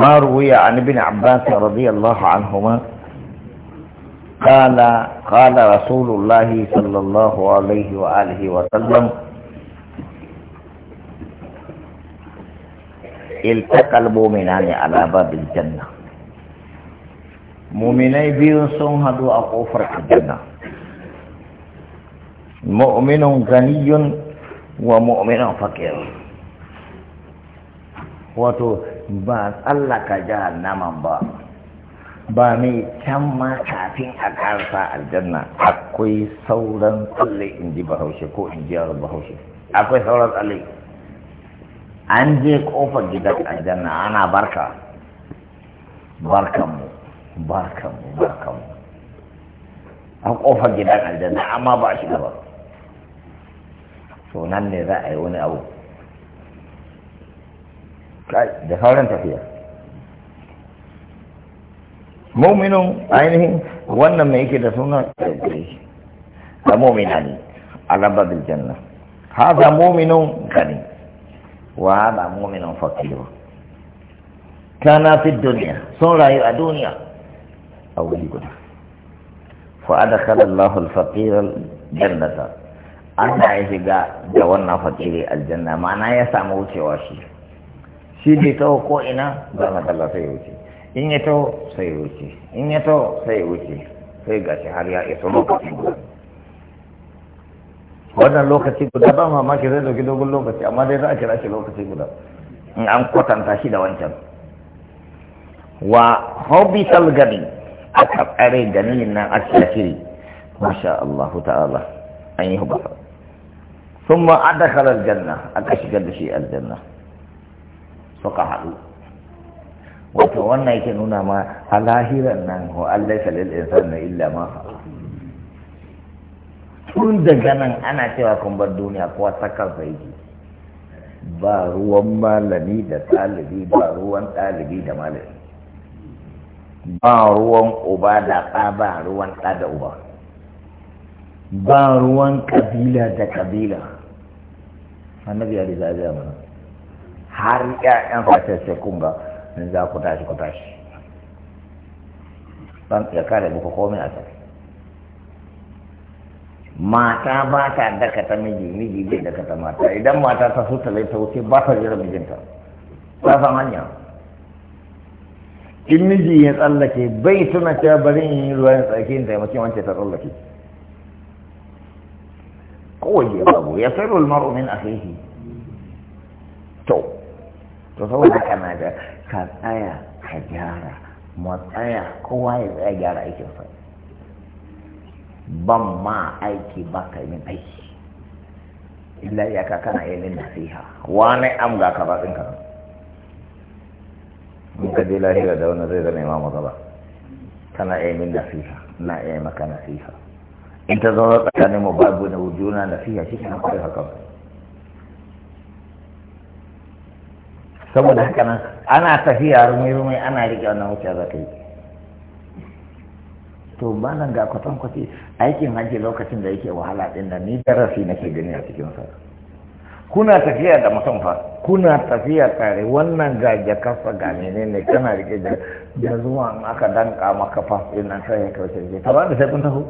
ما روي عن ابن عباس رضي الله عنهما قال قال رسول الله صلى الله عليه وآله وسلم التقى المؤمنان على باب الجنة مؤمني بيرسون هدو أقوفر الجنة مؤمن غني ومؤمن فقير وتو ba tsallaka jahannaman ba ba mai can ma kafin a karsa aljanna akwai sauran tsalle in ji bahaushe ko in ji yawar bahaushe akwai sauran tsalle an je kofar gidan aljanna ana barka barkanmu barkanmu barkanmu a kofar gidan aljanna amma ba shi da ba to nan ne za a yi wani abu da sauran tafiya mu'minun ainihin wannan mai yake da suna da mu'mina ne a lambabin janna Ha za mu'minun gani wa hadha mu'minun fakir kana fi duniya. sun rayu a duniya a wuri guda fa adkhala Allahu al-faqir al-jannata Allah ya shiga da wannan fakirar aljanna ma'ana ya samu wucewa shi shi bai ta ko ina za na kalla sai wuce in ya taho sai wuce in ya taho sai wuce sai ga shi har ya isa lokaci guda wannan lokaci guda ba ke zai dauki dogon lokaci amma dai za a kira shi lokaci guda in an kwatanta shi da wancan wa hobi salgari a tsare gani nan a shakiri masha Allah ta'ala an yi hubasa sun ma adakalar janna aka shigar da shi aljanna suka haɗu wato wannan yake nuna ma a lahiran nan ko Allah kalil insan na illa ma tun daga nan ana cewa kun bar duniya kowa sakar yake ba ruwan malami da ɗalibi ba ruwan ɗalibi da malami ba ruwan uba da ɗa ba ruwan ɗa da uba ba ruwan ƙabila da ƙabila annabi ya riga mana har ƴaƴan fashe sai kun ga in za ku tashi ku tashi ban ya kare muku komai a sai mata ba ta dakata miji miji bai dakata mata idan mata ta so ta ta wuce ba ta jira mijinta ta san hanya in miji ya tsallake bai tuna cewa bari in yi ruwan tsakin taimakon wance ta tsallake kawai ya babu ya sayar ulmaru min akhihi to to saboda na da ka tsaya ka gyara mu tsaya kowa ya tsaya gyara sa ban ma aiki ba ka yi aiki illa ka kana iya yin nasiha wani am ga ka batsin ka mun ka je lahira da wani zai zama imamu gaba kana yi min nasiha na yi maka nasiha in ta zama tsakanin mu babu na wujuna nasiha shi na kawai haka ba saboda haka nan ana tafiya rumai rumai ana rike wannan wuce za ta yi to ba nan ga kwatankwaci aikin hajji lokacin da yake wahala din da ni darasi nake gani a cikin sa kuna tafiya da mutum fa kuna tafiya tare wannan ga jakarsa ga menene kana rike da da zuwa in aka danka maka fa din nan sai ya kauce ta ba da sai kun taho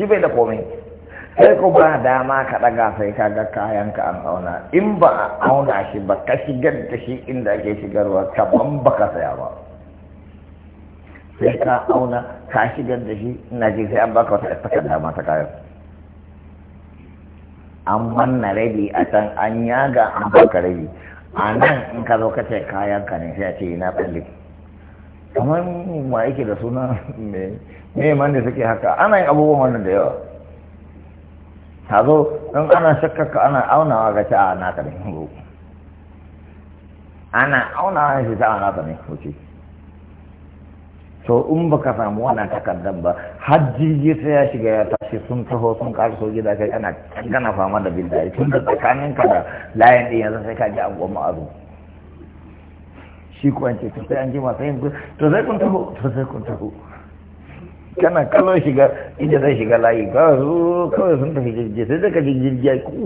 shi bai da komai sai ko ba dama ka ɗaga sai ka ga ka an auna in ba a auna shi ba ka shigar da shi inda ake shigarwa kaman ba ka saya ba sai ka auna ka shigar da shi ina ji sai an baka wata ta dama ta kayan an manna rabi a can an yaga an baka rabi a nan in ka zo ka ce ka ne sai a ce ina ɓalle kamar ma yake da suna mai man da suke haka ana yin abubuwan wannan da yawa ta zo in ana shakkaka ana aunawa ga na naka ne ana aunawa ga na naka ne wuce to in ka samu wannan takardar ba har jirgin sai ya shiga ya tashi sun taho sun karso gida kai ana gana fama da dari tun da tsakanin ka da layin din yanzu sai ka ji an goma azu shi kuwa ce to sai an ji masu yin to sai kun taho to sai kun taho kana kallon shiga inda zai shiga layi ka zo kawai sun tafi jirgi sai daga jirgi ya ku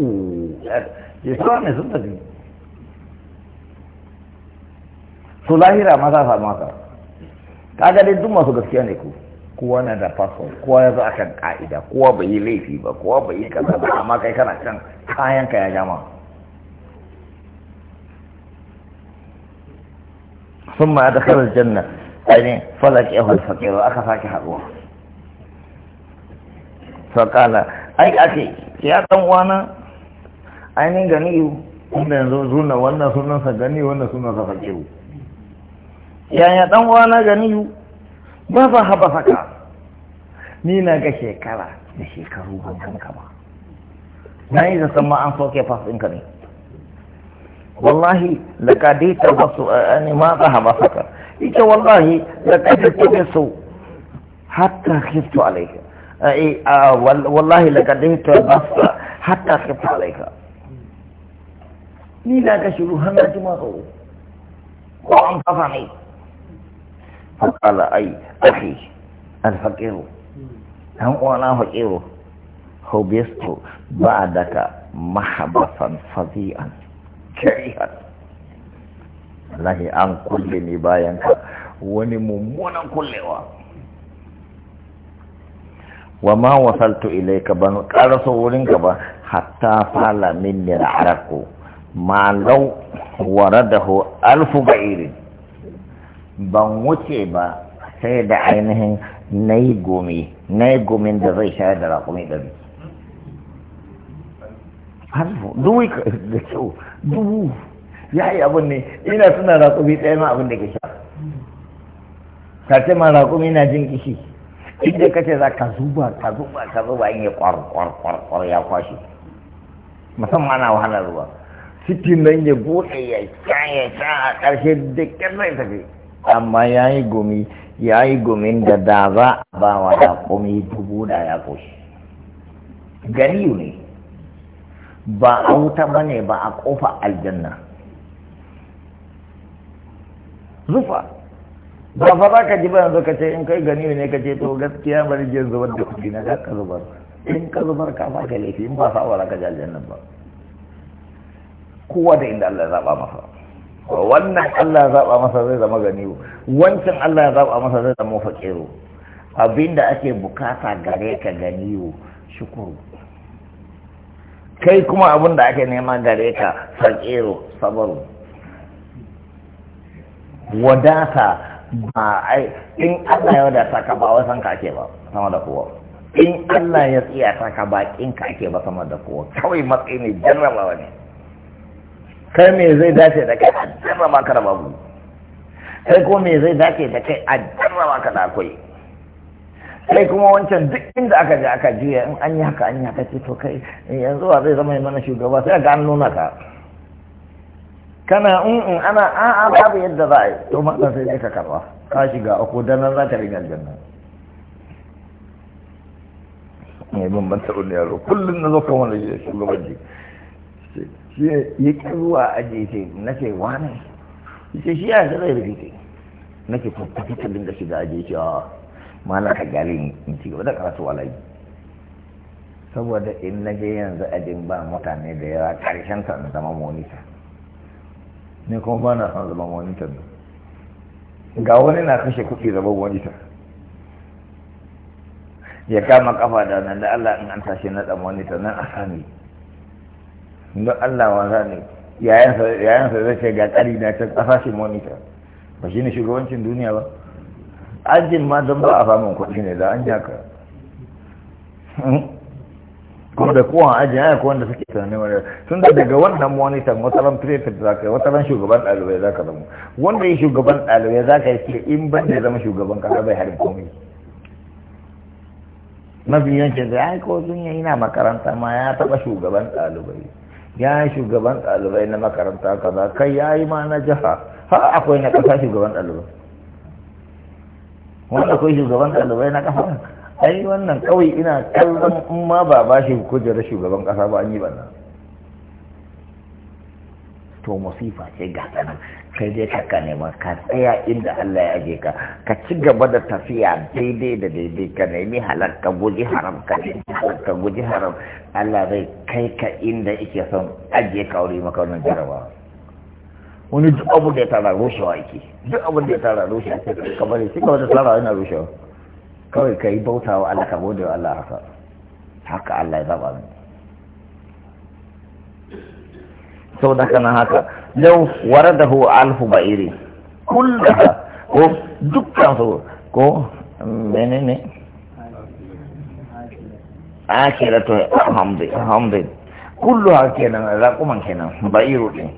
ya sa ne sun tafi su lahira ma sa. samu haka kaga dai duk masu gaskiya ne ku kowa na da fasfon kowa ya zo akan ka'ida kowa bai yi laifi ba kowa bai yi kaza ba amma kai kana can kayan ka ya jama janna. ainihin falak يعني فلك يهو aka sake haɗuwa faƙala ai ake ya dan wana ainihin ganiyu inda yanzu zuna wannan sunansa ganiyu wannan sunansa fakiru yaya dan wana ganiyu ba ba haɓa saka ni na ga shekara da shekaru ban kanka ba na yi zasan ma an soke fas ɗinka ne wallahi da ka daita wasu ne ma sa haɓa saka ita wallahi da ka daita wasu hatta kristo alaika Eh, ah, wallahi lakadin ta basa hatta ka falaika ni na ka shiru hana ji ko an kafa ne fakala ai ahi alfaqiru dan uwana faqiru hubistu ba'daka mahabasan fazi'an karihan wallahi an kulle ni bayan ka wani mummunan kullewa wa ma wasaltu ilayka ban qarasu wurin ka ba hatta fala minni al-araqu ma law waradahu alfu ba'irin ban wuce ba sai da ainihin na gumi na gumin da zai shayar da raƙumi ɗari duwi da kyau dubu ya yi abin ne ina suna raƙumi ɗaya ma abin da ke sha Ta ce ma raƙumi na jin kishi inda kace za ka zuba ka zuba ka zuba in ya kwar kwar kwar kwar ya kwashe musamman na wahala zuwa cikin nan ya buɗe ya sha ya sha a ƙarshe da zai tafi amma ya yi gumi ya yi gumin da da za a ba wa da kumi dubu da ya kwashe gari ne ba a wuta ba ne ba a ƙofa aljanna zufa ba fa za ka ji ba yanzu ka ce in kai gani ne ka ce to gaskiya bari je zubar da kudi na za ka zubar in ka zubar ka ba ka laifi in ba sa ba ka jajen nan ba kowa da inda Allah ya zaba masa wannan Allah ya zaba masa zai zama gani wancan Allah ya zaba masa zai zama fakiru abinda ake bukata gare ka gani shukuru kai kuma abin da ake nema gare ka fakiru sabaru wadata ba ai in Allah ya wadata ka ba wasan ka ake ba sama da kowa in Allah ya ta ka ba in ka ake ba sama da kowa kawai matsayi ne jarrabawa ne kai me zai dace da kai a jarraba ka da babu kai ko me zai dace da kai a jarraba ka da akwai kai kuma wancan duk inda aka je aka juya in an yi haka an yi haka ce to kai yanzu wa zai zama mana shugaba sai ga an nuna ka kana in in ana a'a babu yadda za a yi to ma sai ka karwa ka shiga ko dan nan za ka ringa aljanna mai bambanta wani yaro kullum na zo kan wani shugaban ji shi ya ƙi zuwa aji ce na ce wani ce shi ya ga zai rikice na ce ko tafi ta dinga shiga aji ce a ah, mana ka gari in ci gaba da karatu yi saboda in na je yanzu ajin ba mutane da yawa karshen ta zama monita ne kuma ba na san zaman monitor ne ga wani na kashe kuɗi zaman monitor ya kama kafa da nan da Allah in an tashi na ɗan monitor nan a sami don Allah wasa ne yayansa zai ce ga ƙari na ta ƙasa shi monitor ba shi ne shugabancin duniya ba ajin ma don ba a samun kuɗi ne da an jaka kuma da kowa aji ya ko wanda suke tunanin wani tun da daga wannan monitor wata ran prefect za ka yi wata ran shugaban ɗalibai za ka zama wanda ya shugaban ɗalibai za ka yi ce in ban da zama shugaban kasa bai harin komai mafi yancin da ai ko sun yi na makaranta ma ya taɓa shugaban ɗalibai ya yi shugaban ɗalibai na makaranta kaza kai ya yi ma na jiha ha akwai na ƙasa shugaban ɗalibai wanda akwai shugaban ɗalibai na ƙasa ai wannan kawai ina kallon in ma ba ba shi kujerar shugaban kasa ba an yi banna to masifa ce ga sanar kai dai ka nema ka tsaya inda Allah ya ka ka ci gaba da tafiya daidai da daidai ka nemi halar ka guji haram ka nemi halar ka guji haram Allah zai kai ka inda yake son aje ka wuri maka wannan jarabawa wani duk abu da ya tara rushewa yake duk abu da ya tara rushewa kamar shi ka da tara yana rushewa kawai ka yi bauta wa Allah ka gode wa Allah haka haka Allah ya zaba min sau da kana haka lau waradahu alfu ba'iri kullaha ko dukkan su ko menene to hamdi hamdi kulluha kenan kuma kenan ba'iru din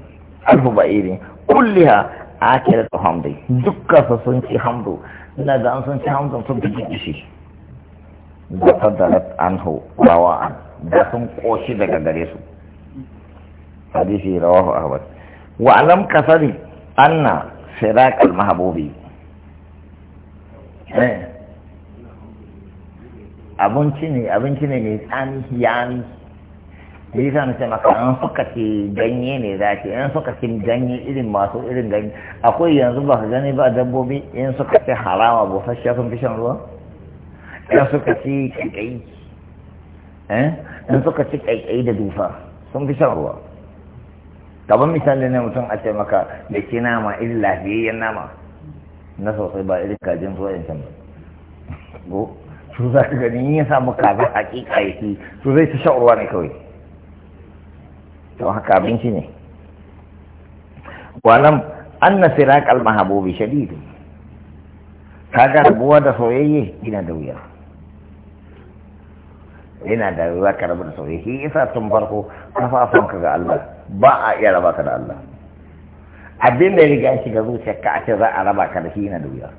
alfu ba'iri kulliha akira ta hamdi dukkan su sun ci hamdu na da sun ci hamdu sun fi kishi da hau anhu an da sun koshi daga gare su hadisi rawahu ahmad wa alam kasari anna sirak al mahbubi eh. abinci ne abinci ne mai tsani yani da yasa mace maka an suka ce ganye ne za ce in suka ce ganye irin masu irin ganye akwai yanzu ba ka gani ba dabbobi in suka ci harama busasshe sun fi shan ruwa in suka ci kaikai eh? in suka ci kaikai da dufa sun fi shan ruwa gaban misali ne mutum a ce maka da ke nama irin lafiyayyen nama na sosai ba irin kajin soyayyen can ba su za ka gani yin samu kaza hakika yake su zai ci shan ruwa ne kawai to haka abinci ne walam anna sirak al mahabubi shadidun kaga rabuwa da soyayye ina da wuya ina da wuya ka rabu da soyayye isa tun farko kafafunka ga Allah ba a iya raba ka da Allah abin da ya riga shiga ka a ce za a raba ka da shi ina da wuya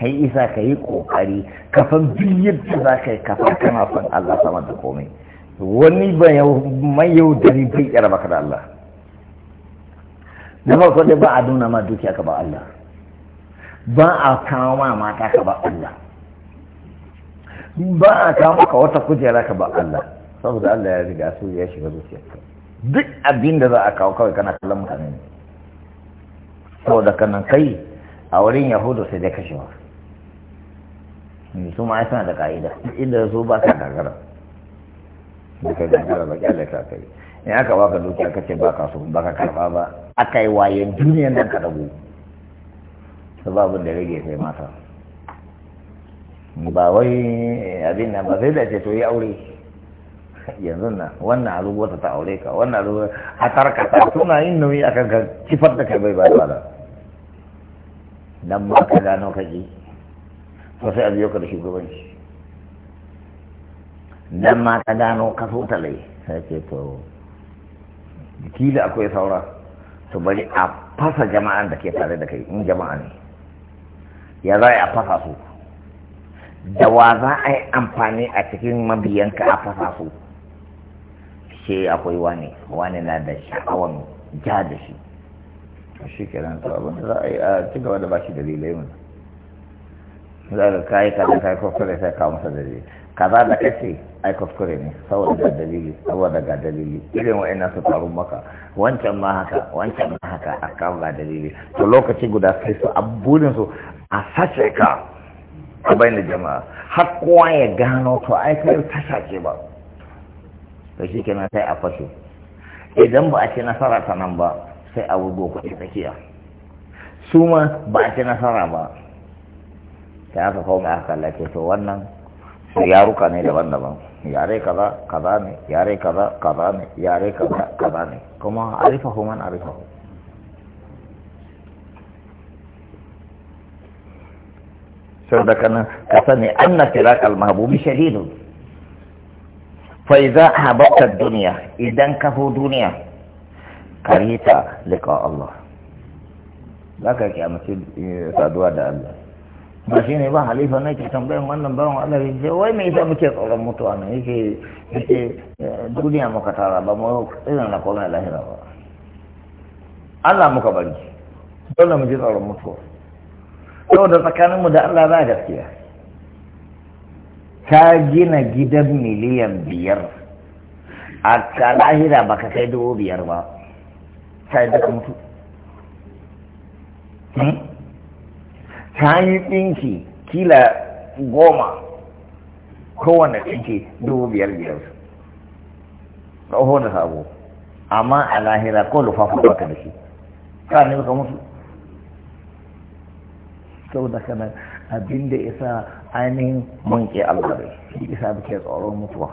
kai isa ka yi kokari kafan biyar da za ka yi kafa kana son Allah sama da komai wani mai yau dari bai tsara maka da Allah na farko dai ba a nuna ma dukiya ka ba Allah ba a kawo ma mata ka ba Allah ba a kawo maka wata kujera ka ba Allah saboda Allah ya riga su ya shiga ka. duk abin da za a kawo kawai kana kallon mutane ne saboda kanan kai a wurin yahudu sai dai kashewa su ma suna da ka'ida inda su ba sa gagara da ka gagara ba kyale ka kai in aka baka duki aka ce baka so ka karba ba aka yi waye duniyan nan ka dago sababin da rage sai mata ba wai abin nan ba sai da ce to yi aure yanzu na wannan alubuwa ta aure ka wannan alubuwa a tarkata suna yin nauyi akan ka kifar da kai bai ba da nan ma ka gano ka ji to sai a biyo ka da shugabanci dan ma ka gano ka so ta lai sai ce to da akwai saura to bari a fasa jama'an da ke tare da kai in jama'a ne ya za a fasa su da wa za a yi amfani a cikin mabiyanka a fasa su ce akwai wani wani na da sha'awan ja da shi shi kiran su abin da za a yi a ci gaba da shi dalilai mun za ka kayi kaɗan kofar da sai kawo masa dalilai kaza da kace ai kuskure ne saboda dalili saboda ga dalili irin wa'annan su faru maka wancan ma haka wancan ma haka a kan ba dalili to lokaci guda sai su aburin su a sace ka a bayyana jama'a har kowa ya gano to ai kai ta sace ba to shi kenan sai a fashe idan ba a ci nasara ta nan ba sai a wugo kuɗi tsakiya su ma ba a ci nasara ba sai aka koma aka kallace to wannan یارو کا نہیں لبن لبن یارے کدا کدا نے یارے کدا کدا نے یارے کدا کدا نے کما عارف ہو من عارف ہو سردکن کسن ان فراق المحبوب شديد فإذا أحببت الدنيا إذا كفو دنيا كريتا لقاء الله لا كيك يا مسجد سادوا الله ba shi ne ba halifa na ke tambayin wannan bawan Allah ya ce wai me yasa muke tsoron mutuwa ne yake yake eh, duniya muka tara ba mu irin na kona lahira ba Allah muka bari dole mu ji tsoron mutuwa saboda tsakanin mu da Allah ba gaskiya ka gina gidan miliyan biyar a ka lahira ka kai dubu biyar ba yi duka mutu hmm? ta yi ɗinki kila goma kowane ɗinki dubu biyar biyar ɗauko da sabo amma a lahira ko lufafa baka da shi ka ne ka mutu da kana abin da isa ainihin munke ke alwari shi isa da ke tsoron mutuwa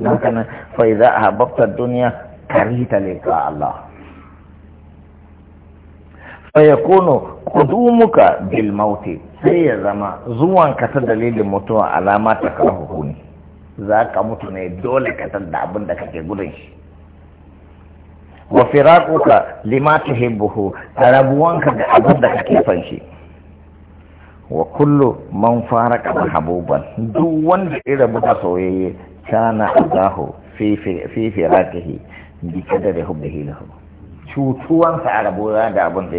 don kana fai za a habbabtar duniya karita leka Allah fayakunu kudumuka bil mauti sai ya zama zuwan ta dalilin mutuwa alama ta karahu ne za ka mutu ne dole ka san da abin da kake gudun shi wa firakuka lima tuhibbuhu rabuwanka da abin da kake son shi wa kullu man faraka mahabuban duk wanda ya rabu da soyayye kana azahu fi fi da bi kadari hubbihi lahu cutuwansa a rabu da abin da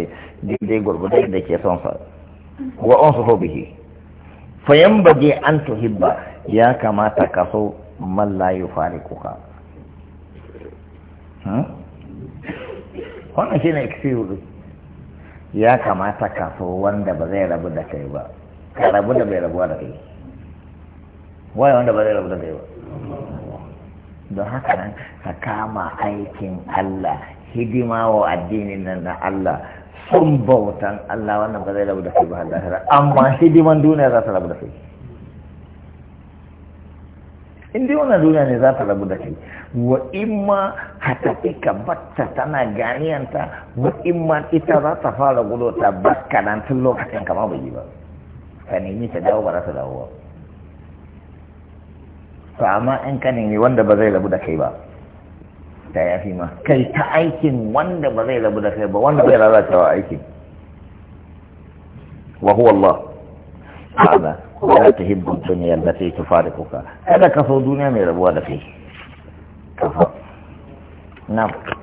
daidai gurgudai da ke son sa wa on su bihi fayan baje an tuhibba ya kamata ka so man la yufari kuka hmm? wannan shine excuse ya kamata ka so wanda ba zai rabu da kai ba ka rabu da bai rabuwa da kai waye wanda ba zai rabu da kai ba don haka nan ka kama aikin Allah hidima wa addinin nan na Allah sun bautan Allah wannan ba zai rabu da kai ba lahira amma hidiman duniya za ta rabu da kai in dai wannan duniya ne za ta rabu da kai wa imma ka tafi ka batta tana ganiyanta wa imma ita za ta fara gudu ta bakka nan tun lokacin kama bai yi ba ka nemi ta dawo ba za ta dawo ba to amma in ka nemi wanda ba zai rabu da kai ba ta yafi ma kai ta aikin wanda ba zai rabu da kai ba wanda bai wa aikin wa huwa Allah ta'ala la tuhibbu dunya allati tufariquka kada ka so duniya mai rabuwa da kai kafa na'am